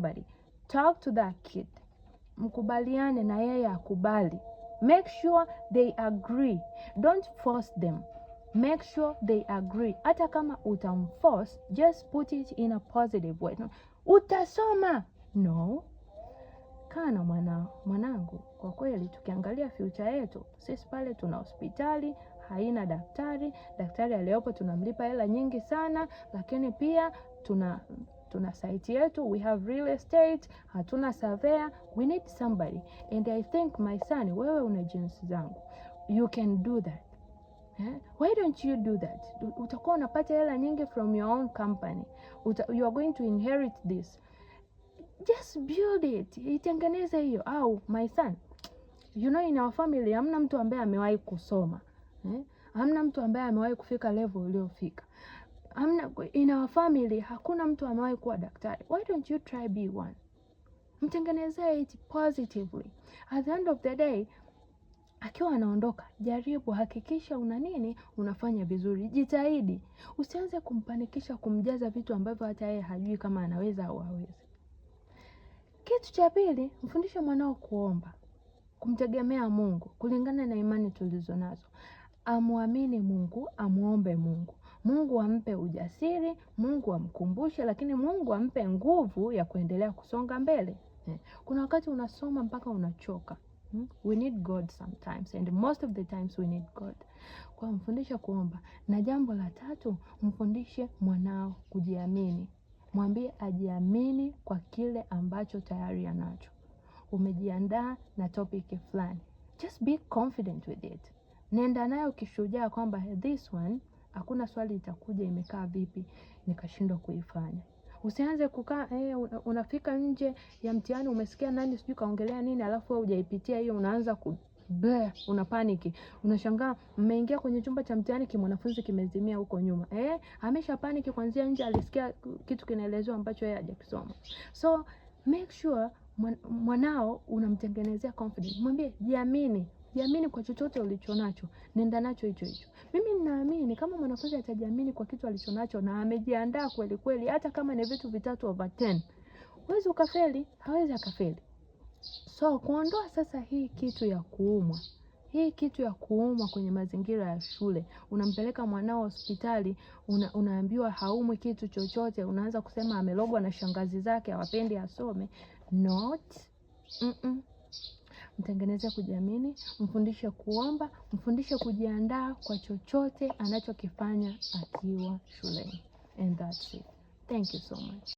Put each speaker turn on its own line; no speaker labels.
somebody, talk to that kid, mkubaliane na yeye akubali. Make sure they agree, don't force them. Make sure they agree. Hata kama utamforce, just put it in a positive way. Utasoma? No. Kana mwana, mwanangu, kwa kweli tukiangalia future yetu sisi pale tuna hospitali haina daktari. Daktari aliyopo tunamlipa hela nyingi sana, lakini pia tuna tuna site yetu, we have real estate, hatuna surveyor, we need somebody and I think my son, wewe una jinsi zangu, you can do that eh? Why don't you do that? Utakuwa unapata hela nyingi from your own company. Uta, you are going to inherit this. Just build it. Itengeneze hiyo. Au my son, you know in our family hamna mtu ambaye amewahi kusoma. Eh? Hamna mtu ambaye amewahi kufika level uliofika hamna in our family hakuna mtu amewahi kuwa daktari. Why don't you try be one? Mtengenezee it positively. At the end of the day akiwa anaondoka, jaribu, hakikisha una nini, unafanya vizuri, jitahidi. Usianze kumpanikisha, kumjaza vitu ambavyo hata yeye hajui kama anaweza au hawezi. Kitu cha pili, mfundishe mwanao kuomba, kumtegemea Mungu kulingana na imani tulizo nazo. Amwamini Mungu, amwombe Mungu. Mungu ampe ujasiri, Mungu amkumbushe, lakini Mungu ampe nguvu ya kuendelea kusonga mbele. Eh, kuna wakati unasoma mpaka unachoka. Hmm? We need God sometimes and most of the times we need God. Kwa mfundishe kuomba, na jambo la tatu, mfundishe mwanao kujiamini. Mwambie ajiamini kwa kile ambacho tayari anacho. Umejiandaa na topic fulani, just be confident with it. Nenda nayo kishujaa kwamba this one Hakuna swali itakuja imekaa vipi nikashindwa kuifanya. Usianze kukaa eh, unafika nje ya mtihani umesikia nani sijui kaongelea nini, alafu wewe hujaipitia hiyo, unaanza ku Bleh, una paniki, unashangaa mmeingia kwenye chumba cha mtihani kimwanafunzi kimezimia huko nyuma eh, amesha paniki kwanzia nje, alisikia kitu kinaelezwa ambacho yeye hajakisoma. So make sure mwanao unamtengenezea confidence, mwambie jiamini. Jiamini kwa chochote ulicho nacho, nenda nacho hicho hicho. Mimi ninaamini kama mwanafunzi atajiamini kwa kitu alicho nacho na amejiandaa kweli kweli, hata kama ni vitu vitatu over ten, huwezi ukafeli, hawezi akafeli. So kuondoa sasa hii kitu ya kuumwa hii kitu ya kuumwa kwenye mazingira ya shule, unampeleka mwanao hospitali, una, unaambiwa haumwi kitu chochote, unaanza kusema amelogwa na shangazi zake, hawapendi asome not mm -mm mtengeneze kujiamini, mfundishe kuomba, mfundishe kujiandaa kwa chochote anachokifanya akiwa shuleni. And that's it. Thank you so much.